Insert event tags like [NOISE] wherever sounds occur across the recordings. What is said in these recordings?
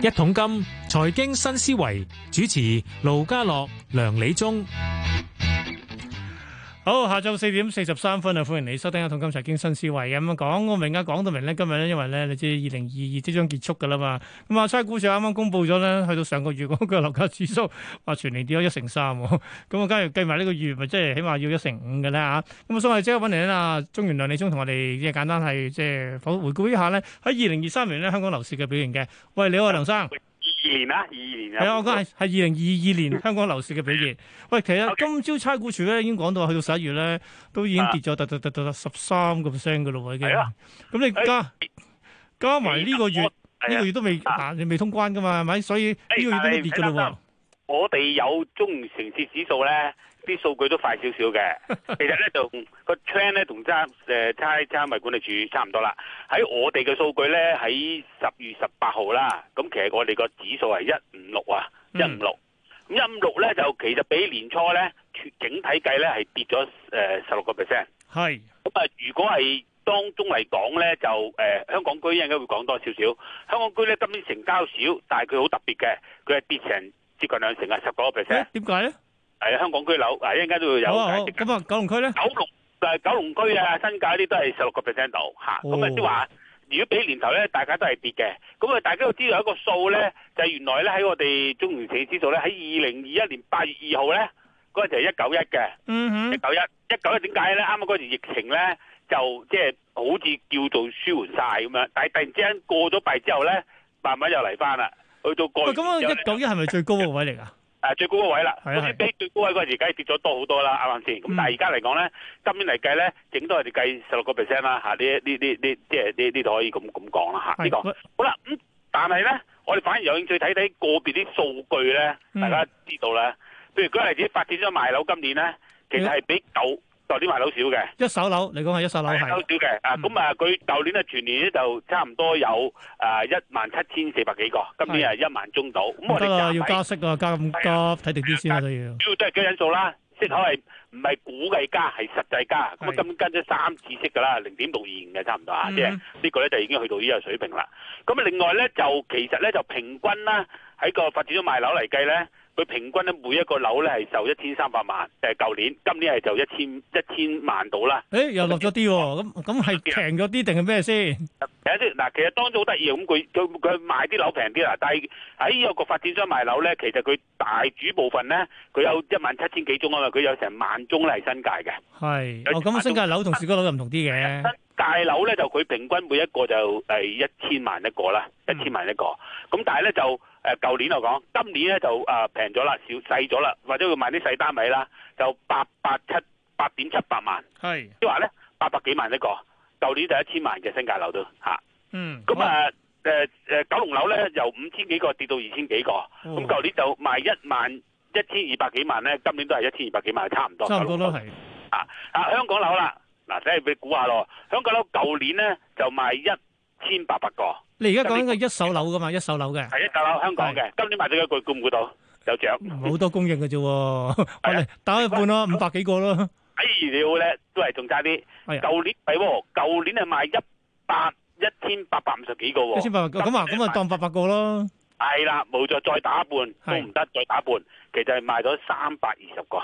一桶金財經新思維，主持盧家樂、梁理中。好，下晝四點四十三分啊！歡迎你收聽《一桶金財經新思維》咁樣講，我明啊，講到明咧，今日咧，因為咧，你知二零二二即將結束噶啦嘛。咁啊，差估署啱啱公布咗咧，去到上個月嗰個樓價指數，話全年跌咗一成三，咁啊，跟住計埋呢個月，咪即係起碼要一成五嘅啦嚇。咁啊，所以即刻揾嚟咧啊，中原梁理中同我哋即係簡單係即係回顧一下咧，喺二零二三年咧香港樓市嘅表現嘅。喂，你好啊，梁生。年啦，二二年啦，係啊，我講係係二零二二年,年 [LAUGHS] 香港樓市嘅表現。喂，其實、啊、Okay. 今朝差估署咧，已經講到去到十一月咧，都已經跌咗突突突突十三個 percent 嘅咯，已經。咁、啊、你加、啊、加埋呢個月，呢、啊、個月都未你、啊啊、未通關噶嘛，係咪？所以呢個月都未跌到。啊、我哋有中城市指數咧。啲 [LAUGHS] 數據都快少少嘅，其實咧就個趨勢咧同差誒差差物管理處差唔多啦。喺我哋嘅數據咧，喺十月十八號啦，咁其實我哋個指數係一五六啊，一五六。一五六咧就其實比年初咧全整體計咧係跌咗誒十六個 percent。係、呃。咁啊，是如果係當中嚟講咧，就誒、呃、香港居應該會講多少少。香港居咧今年成交少，但係佢好特別嘅，佢係跌成接近兩成啊，十個 percent。點解咧？欸係香港居樓啊，一陣間都會有解釋嘅。咁啊,啊，九龍區咧？九龍誒，九龍區啊，新界啲都係十六個 percent 度吓。咁啊，即係話，如果比起年頭咧，大家都係跌嘅。咁啊，大家都知道一個數咧，就係、是、原來咧喺我哋中原指數咧，喺二零二一年八月二號咧，嗰陣時係一九一嘅。嗯哼。一九一，一九一，點解咧？啱啱嗰陣疫情咧，就即係、就是、好似叫做舒緩晒咁樣。但係突然之間過咗拜之後咧，慢慢又嚟翻啦，去到過。咁啊就，一九一係咪最高嘅位嚟啊？ [LAUGHS] 誒、啊、最高嗰位啦，嗰啲，啊、比最高位嗰陣時梗係跌咗多好多啦，啱唔啱先？咁、嗯、但係而家嚟講咧，今年嚟計咧，整多我哋計十六個 percent 啦嚇，呢呢呢呢即係呢呢都可以咁咁講啦嚇，是啊，這個嗯、呢個好啦。咁但係咧，我哋反而有興趣睇睇個別啲數據咧，大家知道咧，譬，嗯、如舉例子發展商賣樓今年咧，其實係比九、嗯。舊年賣樓少嘅，一手樓你講係一手樓係少嘅，啊咁啊佢舊年咧全年咧就差唔多有啊一萬七千四百幾個，今年係一萬中度，咁我哋就，得啦，要加息啊，加咁多睇定啲先啊都要，主要都係幾因素啦，息口係唔係估計加係實際加，咁今跟咗三次息噶啦，零點六二五嘅差唔多啊，即係呢個咧就已經去到呢個水平啦。咁啊另外咧就其實咧就平均啦喺個發展商賣樓嚟計咧。佢平均咧每一個樓咧係售一千三百萬，誒舊年今年係就一千一千萬到啦。誒又落咗啲喎，咁咁係平咗啲定係咩先？睇下先嗱，其實當中好得意咁佢佢佢賣啲樓平啲啦，但係喺有個發展商賣樓咧，其實佢大主部分咧，佢有一萬七千幾宗啊嘛，佢有成萬宗咧係新界嘅。係哦，咁新界樓，市界樓同市區樓又唔同啲嘅。新界樓咧就佢平均每一個就係一千萬一個啦，一千萬一個。咁、嗯、但係咧就。誒，舊年就講，今年咧就誒平咗啦，小細咗啦，或者會賣啲細單位啦，就八百七八點七八萬，係是，即係話咧八百幾萬一個，舊年就一千萬嘅新界樓都吓，啊、嗯，咁啊誒誒九龍樓咧由五千幾個跌到二千幾個，咁舊、哦、年就賣一萬一千二百幾萬咧，今年都係一千二百幾萬差唔多，差唔多都係、啊，啊啊香港樓啦，嗱，睇下俾估下咯，香港樓舊、啊、年咧就賣一千八百個，你而家講緊一手樓噶嘛？一手樓嘅係一手樓香港嘅，今年賣咗一個估唔估到？有獎好多供應嘅啫，打一半咯，五百幾個咯。哎，你好咧，都係仲差啲。舊年比，舊年係賣一百一千八百五十幾個，一千八百個咁啊，咁啊當八百個咯。係啦，冇錯，再打一半都唔得，再打一半，其實係賣咗三百二十個。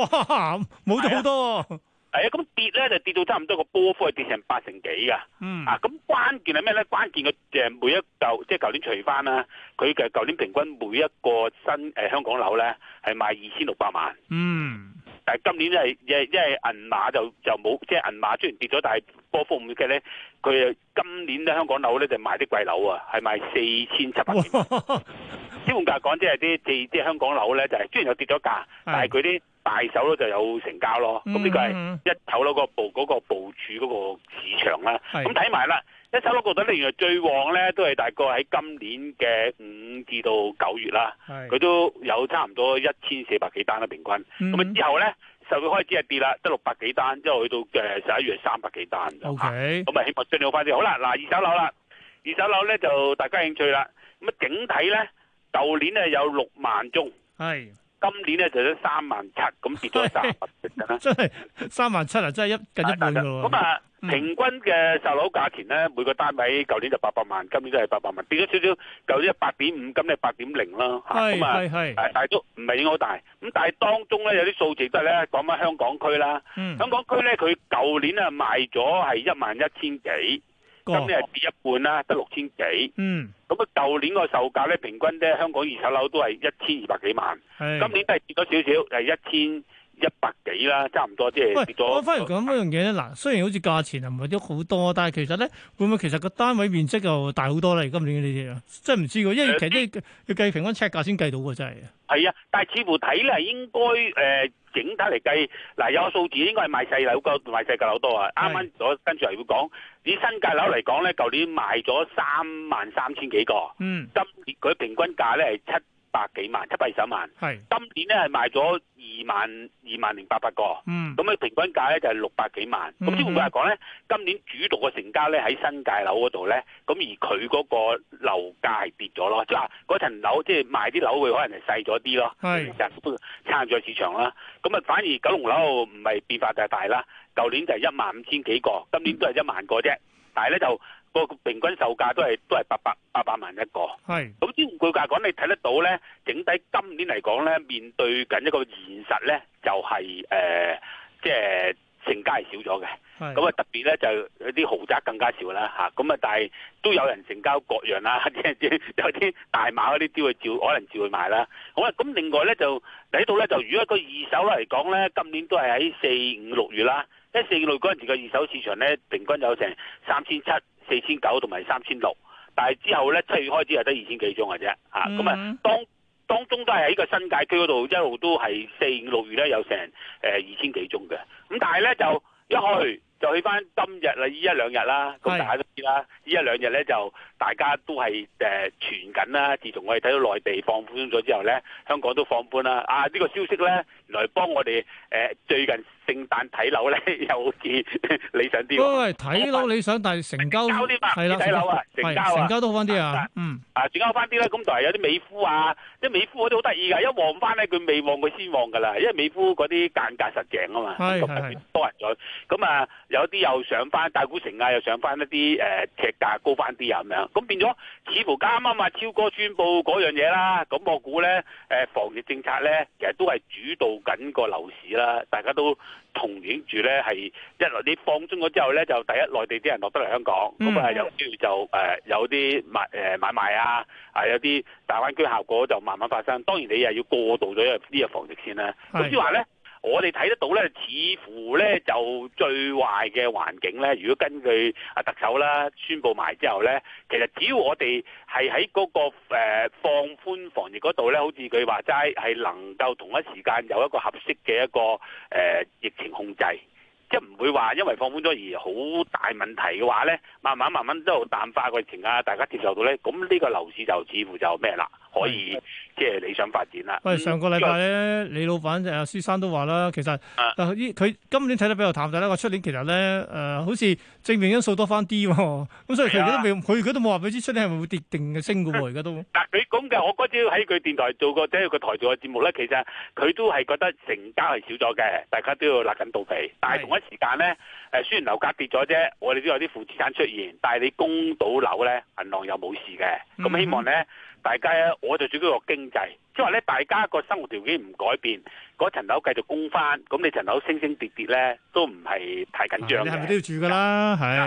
哇，冇咗好多。係啊，咁跌咧就跌到差唔多個波幅係跌成八成幾噶。啊、嗯，咁、嗯、關鍵係咩咧？關鍵嘅即係每一嚿，即係舊年除翻啦，佢嘅舊年平均每一個新、呃、香港樓咧係賣二千六百萬。嗯。但係今年即係因為因為銀碼就就冇，即、就、係、是、銀碼雖然跌咗，但係波幅唔會嘅咧，佢啊今年咧香港樓咧就賣啲貴樓啊，係賣四千七百萬。即價講即係啲地，即係香港樓咧就係雖然又跌咗價，但係佢啲。大手咯就有成交咯，咁呢個係一手樓個部、嗰、嗯、個部署嗰個市場啦。咁睇埋啦，一手樓個等咧，原來最旺咧都係大概喺今年嘅五至到九月啦。佢的都有差唔多一千四百幾單啦，平均。咁啊、嗯、之後咧，就會開始係跌啦，得六百幾單，之後去到嘅十一月三百幾單。O K，咁啊，希望追好快啲。好啦，嗱二手樓啦，嗯、二手樓咧就大家興趣啦。咁啊整體咧，舊年呢有六萬宗。係。今年咧就咗三萬七，咁跌咗三百真係三萬七啊，真係一近一半咯咁啊，是嗯、平均嘅售樓價錢咧，每個單位舊年就八百萬，今年都係八百萬，變咗少少，舊年八點五，今年咧八點零咯，咁啊是，但係都唔係影響好大。咁但係當中咧有啲數字都係咧講翻香港區啦，嗯、香港區咧佢舊年啊賣咗係一萬一千幾。今年係跌一半啦，得六千幾。嗯，咁啊，舊年個售價咧，平均咧，香港二手樓都係一千二百幾萬。是今年都係跌咗少少，係一千。一百幾啦，差唔多啲。喂，我反而講一樣嘢咧。嗱、嗯，雖然好似價錢啊唔係都好多，但係其實咧，會唔會其實個單位面積又大好多咧？今年呢啲啊，真係唔知喎，因為其實啲、即係呃、要計平均呎價先計到喎，真係。係啊，但係似乎睇呢，應該誒、呃、整體嚟計，嗱、呃、有個數字應該係賣細樓個賣細的價樓多啊。啱啱我跟住嚟會講，以新界樓嚟講咧，舊年賣咗三萬三千幾個，今年佢平均價咧係七百幾萬七百二十萬是今年咧係賣咗二萬二萬零八百個，咁咧、嗯、平均價咧就係、是、六百幾萬。咁即換句話講咧，今年主導嘅成交咧喺新界樓嗰度咧，咁而佢嗰個樓價係跌咗咯。嗱，嗰層樓即係賣啲樓會可能係細咗啲咯，係撐住市場啦。咁啊，反而九龍樓唔係變化太大啦。舊年就係一萬五千幾個，今年都係一萬個啫，嗯、但係咧就。個平均售價都係都係八百八百萬一個，係咁依個價講，你睇得到咧。整體今年嚟講咧，面對緊一個現實咧，就係即係成交係少咗嘅。咁啊是，特別咧就有、是、啲豪宅更加少啦嚇咁啊，但係都有人成交各樣啦，即 [LAUGHS] 有啲大碼嗰啲都會照可能照去買啦。好啦，咁另外咧就睇到咧，就如果個二手嚟講咧，今年都係喺四五六月啦。四五六嗰陣時嘅二手市場咧，平均有成三千七。四千九同埋三千六，但係之後呢，七月開始係得二千幾宗嘅啫，嚇咁、嗯嗯、啊當，當中都係喺個新界區嗰度一路都係四五六月呢，有成、呃、二千幾宗嘅，咁但係呢，就一去就去翻今日啦呢一兩日啦，咁大家都知啦，呢是 一兩日呢就。大家都係誒傳緊啦。自從我哋睇到內地放寬咗之後咧，香港都放寬啦。啊呢、呢個消息咧，原來幫我哋誒、呃、最近聖誕睇樓咧，又好似理想啲。喂，喂，睇樓理想，啊、但係成交係啲睇樓啊，的、嗯、啊，成交成交都好翻啲啊。嗯，啊成交翻啲咧，咁就係有啲美孚啊，即美孚嗰啲好得意噶，一望翻咧，佢未望佢先望噶啦，因為美孚嗰啲間隔實淨啊嘛，咁多人咗。咁啊有啲又上翻大古城啊，又上翻一啲誒、呃、尺價高翻啲啊咁咁變咗，似乎啱啱啊超哥宣布嗰樣嘢啦，咁我估咧，誒防疫政策咧，其實都係主導緊個樓市啦，大家都憧憬住咧，係一來你放鬆咗之後咧，就第一內地啲人落得嚟香港，咁啊、嗯呃、有需要就誒有啲買誒買賣啊，啊有啲大灣區效果就慢慢發生，當然你又要過渡咗入呢個防疫先啦。咁總之話咧，我哋睇得到呢，似乎呢就最壞嘅環境呢。如果根據啊特首啦宣布埋之後呢，其實只要我哋係喺嗰個誒放寬防疫嗰度呢，好似佢話齋係能夠同一時間有一個合適嘅一個誒疫情控制，即係唔會話因為放寬咗而好大問題嘅話呢，慢慢慢慢都淡化疫情啊，大家接受到呢，咁呢個樓市就似乎就咩啦。可以即係、嗯、理想發展啦。喂，上個禮拜咧，嗯、李老闆就阿舒生都話啦，其實佢今年睇得比較淡，淡，仔。係咧個出年其實咧誒、啊、好似正面因素多翻啲喎。咁、啊、所以其佢的都未，佢佢都冇話俾知出年係咪會跌定嘅升嘅喎。而家都嗱，你講嘅我嗰朝喺佢電台做過，即係個台做嘅節目咧，其實佢都係覺得成交係少咗嘅，大家都要勒緊肚皮。但係同一時間咧誒，的雖然樓價跌咗啫，我哋都有啲負資產出現，但係你供到樓咧，銀行又冇事嘅。咁希望咧。嗯大家咧，我就主個經濟，即係話咧，大家個生活條件唔改變。嗰層樓繼續供翻，咁、那、你、個、層樓升升跌跌咧，都唔係太緊張。你係咪都要住噶啦？係啊，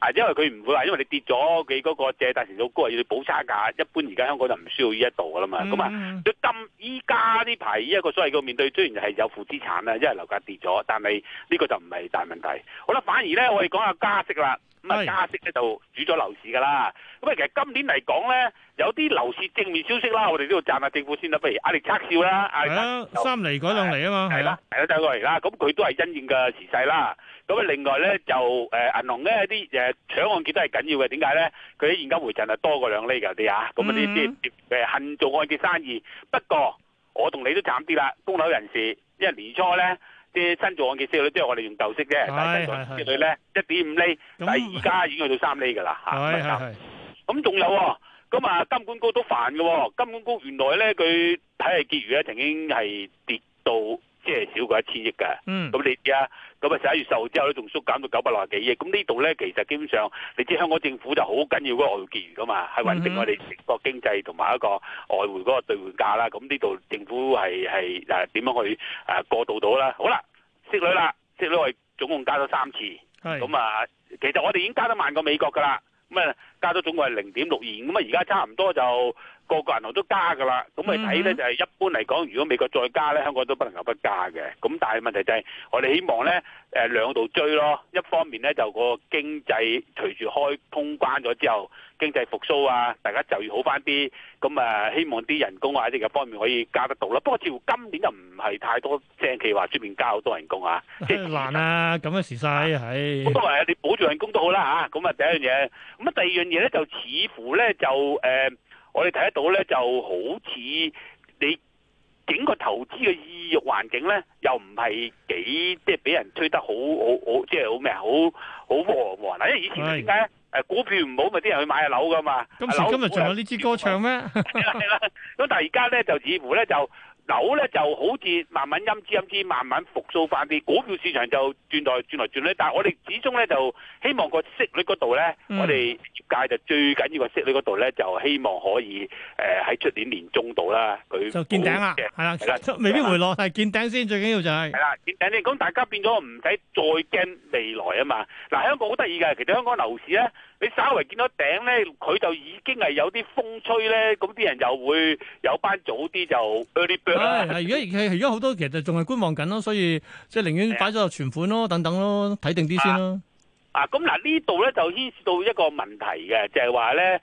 啊是，因為佢唔會話，因為你跌咗，你嗰個借貸成數高話要補差價，一般而家香港就唔需要呢一度噶啦嘛。咁啊、嗯，咁依家呢排呢一個所謂嘅面對，雖然係有負資產啦，因為樓價跌咗，但係呢個就唔係大問題。好啦，反而咧我哋講下加息啦。咁啊、哎，加息咧就主咗樓市噶啦。咁啊，其實今年嚟講咧，有啲樓市正面消息啦，我哋都要讚下政府先啦。不如壓力測少啦。係啊，三改兩厘啊嘛，係啦，係啦，帶過嚟啦。咁佢都係因應嘅時勢啦。咁啊，另外咧就誒，銀行咧啲誒搶按揭都係緊要嘅。點解咧？佢啲現金回贈係多過兩厘嘅啲啊。咁啊啲啲誒恨做按揭生意。不過我同你都慘啲啦，供樓人士，因為年初咧啲新做按揭息率都係我哋用舊息啫。但係。之佢咧一點五厘，但係而家已經去到三厘噶啦吓。係咁仲有。咁啊、哦，金管局都煩嘅喎，金管局原來咧佢睇下結餘咧曾經係跌到即係少過一千億嘅，咁、嗯、你而家，咁啊十一月十號之後咧仲縮減到九百六十幾億，咁呢度咧其實基本上你知香港政府就好緊要嗰個外匯結餘噶嘛，係穩定我哋成個經濟同埋一個外匯嗰個對換價啦，咁呢度政府係係誒點樣去誒、啊、過渡到啦？好啦，息率啦，息率我哋總共加咗三次，咁是啊，其實我哋已經加得慢過美國噶啦。咁加咗總共係零點六二，咁啊而家差唔多就。個個銀行都加噶啦，咁你睇咧就係、是、一般嚟講，如果美國再加咧，香港都不能夠不加嘅。咁但係問題就係、是、我哋希望咧，誒兩度追咯。一方面咧就個經濟隨住開通關咗之後，經濟復蘇啊，大家就業好翻啲，咁、嗯、啊希望啲人工啊喺呢個方面可以加得到啦。不過似乎今年就唔係太多聲氣話出面加好多人工啊，即係難啊，咁嘅時勢係。咁多啊，你保住人工都好啦，咁啊第一樣嘢。咁啊第二樣嘢咧就似乎咧就誒。呃我哋睇得到咧，就好似你整個投資嘅意欲環境咧，又唔係幾即係俾人吹得好好好，即係好咩？好好和和啊！因為以前點解咧？誒股票唔好咪啲人去買樓噶嘛。今時樓今日仲有呢支歌唱咩？係啦係啦。咁但係而家咧就似乎咧就。樓咧就好似慢慢陰之陰之，慢慢復甦翻，啲股票市場就轉來轉來轉咧。但係我哋始終咧就希望個息率嗰度咧，我哋業界就最緊要個息率嗰度咧就希望可以誒喺出年年中度啦，佢就見頂啦，係啦，未必回落但係見頂先，最緊要就係係啦見頂先，咁大家變咗唔使再驚未來啊嘛。嗱香港好得意嘅，其實香港樓市咧。你稍為見到頂咧，佢就已經係有啲風吹咧，咁啲人又會有班早啲就跌跌啦。係而家而家好多其實仲係觀望緊咯，所以即係寧願擺咗個存款咯，等等咯，睇定啲先啦。啊，咁嗱呢度咧就牽涉到一個問題嘅，就係話咧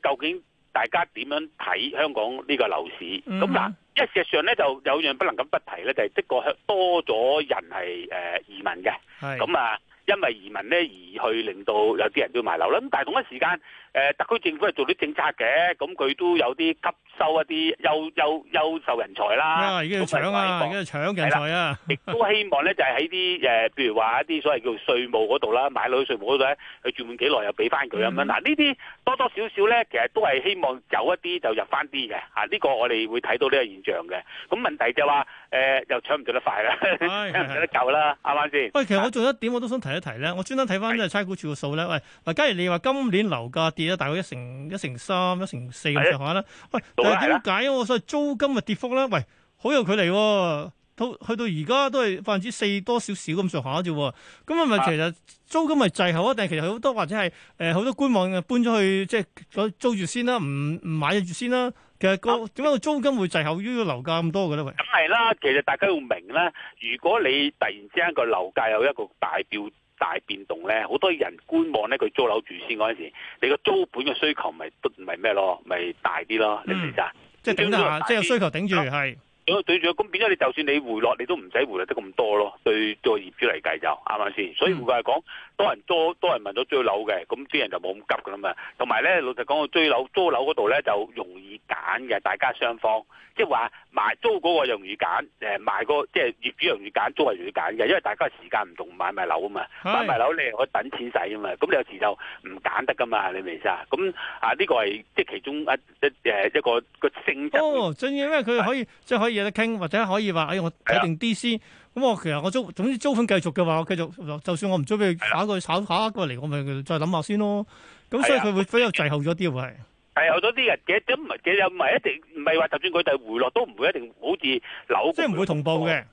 誒，究竟大家點樣睇香港呢個樓市？咁嗱，一事實上咧就有樣不能咁不提咧，就係即個多咗人係誒移民嘅。係咁啊！因為移民咧，而去令到有啲人都賣樓啦。咁但係同一時間。誒特區政府係做啲政策嘅，咁佢都有啲吸收一啲優優優秀人才啦。啊，而家搶啊，而家搶人才啊！亦都了 [LAUGHS] 希望咧，就係喺啲誒，譬如話一啲所謂叫稅務嗰度啦，買樓稅務嗰度咧，佢住滿幾耐又俾翻佢咁樣。嗱、嗯，呢啲多多少少咧，其實都係希望有一啲就入翻啲嘅嚇。呢、這個我哋會睇到呢個現象嘅。咁問題就話、是、誒、呃，又搶唔搶得快啦？搶、哎、 [LAUGHS] 得夠啦？啱啱先？喂、啊，其實我仲有一點我都想提一提咧，我專登睇翻即係差估處嘅數咧。的喂，嗱，假如你話今年樓價跌。大概一成、一成三一成四咁上下啦，喂，但係點解我所以租金嘅跌幅咧？喂，好有距離喎，到去到而家都係百分之四多少少咁上下啫。咁係咪其實租金咪滯後啊？定係其實好多或者係誒好多觀望嘅，搬咗去即係租住先啦，唔唔買住先啦？其實個，點解個租金會滯後於樓價咁多嘅咧？喂，梗係啦，其實大家要明咧，如果你突然之間個樓價有一個大調。大變動咧，好多人觀望咧，佢租樓住先嗰陣時，你個租本嘅需求咪都咪咩咯，咪、就是就是、大啲咯，你唔知啊？即係頂住，即係有需求頂住，係、啊。對住咁變咗，你就算你回落，你都唔使回落得咁多咯。對個業主嚟計就啱啱先？所以換句話講，多人租，多人問到追樓嘅，咁啲人就冇咁急噶啦嘛。同埋咧，老實講，個追樓租樓嗰度咧就容易揀嘅，大家雙方即係話賣租嗰個又容易揀，誒賣個即係業主容易揀，租係容易揀嘅，因為大家時間唔同買賣樓啊嘛。買賣樓你係可以等錢使啊嘛，咁你有時就唔揀得噶嘛，你明唔明先？咁啊呢個係即係其中一一誒一個一個性質。哦，正因為，佢可以即係可以。是嘢都傾，或者可以話：哎我睇定 DC，咁的我其實我租，總之租款繼續嘅話，我繼續。就算我唔租俾佢炒一個炒炒一個嚟，的我咪再諗下先咯。咁所以佢會比較滯後咗啲，會係滯後咗啲嘅。嘅都唔，嘅又唔係一定唔係話，就算佢哋回落都唔會一定好似樓，即係唔會同步嘅。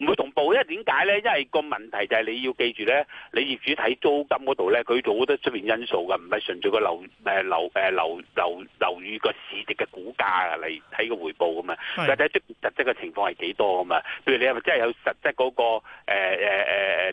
唔會同步，因為點解咧？因為個問題就係你要記住咧，你業主睇租金嗰度咧，佢做好多出面因素噶，唔係純粹個樓誒樓誒樓樓樓宇個市值嘅估價嚟睇個回報噶嘛。佢睇出面實際嘅情況係幾多噶嘛？譬如的你係咪真係有實質嗰、嗰個誒誒誒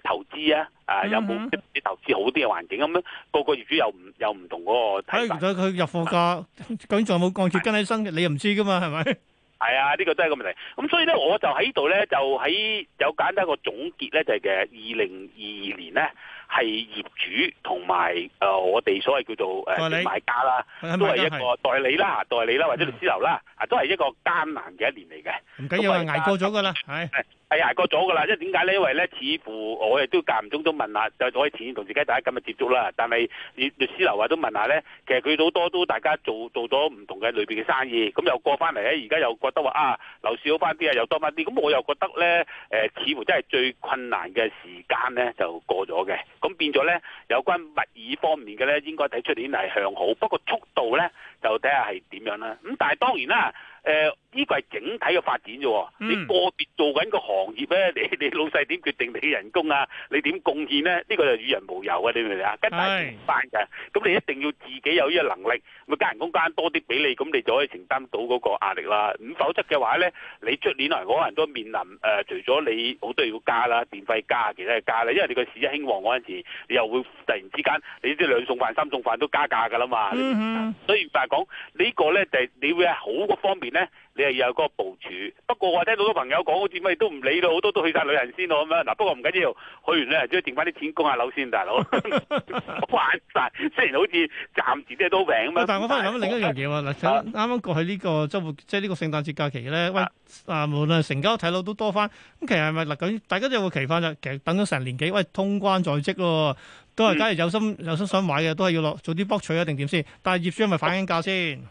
投資啊？啊、呃、有冇啲投資好啲嘅環境咁樣？個、嗯嗯、個業主又唔又唔同嗰個。誒原來佢入貨價、嗯、究竟仲有冇降跌跟起身你又唔知噶嘛？係咪？係啊，呢個都係個問題。咁所以咧，我就喺度咧，就喺有簡單一個總結咧，就係嘅二零二二年咧，係業主同埋誒我哋所謂叫做誒理買家啦，都係一個代理啦、代理啦或者律師樓啦，啊都係一個艱難嘅一年嚟嘅。唔緊要，捱過咗㗎啦，係。哎呀，過咗㗎啦，即係點解咧？因為咧，似乎我亦都間唔中都問下，就我以前同自己大家今日接觸啦。但係你，律師樓話都問下咧，其實佢好多都大家做做咗唔同嘅類別嘅生意，咁又過翻嚟咧，而家又覺得話啊，樓市好翻啲啊，又多翻啲。咁我又覺得咧、呃，似乎真係最困難嘅時間咧就過咗嘅，咁變咗咧有關物業方面嘅咧，應該睇出年係向好，不過速度咧就睇下係點樣啦。咁但係當然啦。誒，依、呃這個係整體嘅發展啫、嗯。你個別做緊個行業咧，你你老細點決定你人工啊？你點貢獻咧？呢、這個就與人無由啊！你明唔明啊？跟大唔翻嘅，咁是你一定要自己有呢個能力，咪加人工加多啲俾你，咁你就可以承擔到嗰個壓力啦。咁否則嘅話咧，你出年嚟可能都面臨誒、呃，除咗你好多要加啦，電費加，其他要加啦，因為你個市一興旺嗰陣時候，你又會突然之間你啲兩餸飯、三餸飯都加價噶啦嘛。嗯、哼所以唔係講呢個咧，就係、是、你會喺好個方面。你係有嗰個部署。不過我話聽到好多朋友講，好似乜嘢都唔理咯，好多人都去晒旅行先咯咁樣。嗱，不過唔緊要，去完旅行只係剩翻啲錢供下樓先，大佬。煩曬， [LAUGHS] [LAUGHS] 雖然好似暫時都都平咁樣。但我反嚟諗另一樣嘢喎。嗱、啊，啱啱過去呢、呢個週末，即係呢個聖誕節假期咧，喂，啊，無論成交睇到都多翻。咁其實係咪嗱咁？大家都有個期望就其實等咗成年幾，喂，通關在即喎。都係假如有心有心想買嘅，都係要落早啲博取一定點先？但係業主係咪反映價先。嗯。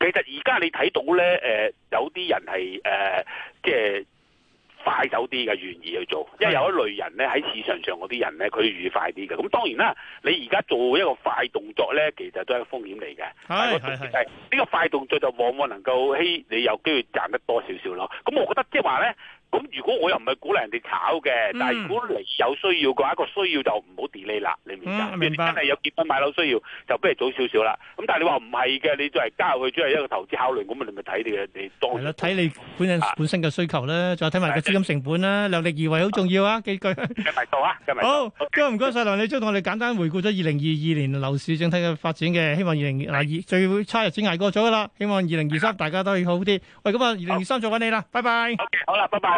其實而家你睇到咧，誒、呃、有啲人係誒、呃、即係快走啲嘅願意去做，因為有一類人咧喺市場上嗰啲人咧，佢愉快啲嘅。咁當然啦，你而家做一個快動作咧，其實都係一個風險嚟嘅。係呢個快動作就往往能夠希你有機會賺得多少少咯。咁我覺得即係話咧。咁如果我又唔係鼓勵人哋炒嘅，但係如果你有需要嘅話一個需要就唔好 delay 啦，你明唔明啊？咁你真係有結婚買樓需要，就不如早少少啦。咁但係你話唔係嘅，你就係加入去只係一個投資考慮，咁咪你咪睇你你當係咯，睇你本身本身嘅需求咧，仲有睇埋個資金成本啦，量力而為好重要啊！幾句。今日到啊，今日好，多唔該晒梁理中，即係同我哋簡單回顧咗二零二二年樓市整體嘅發展嘅，希望二零嗱二最差日子挨過咗噶啦，希望二零二三大家都會好啲。喂，咁啊，二零二三再搵你啦，拜拜。O K，好啦，拜拜。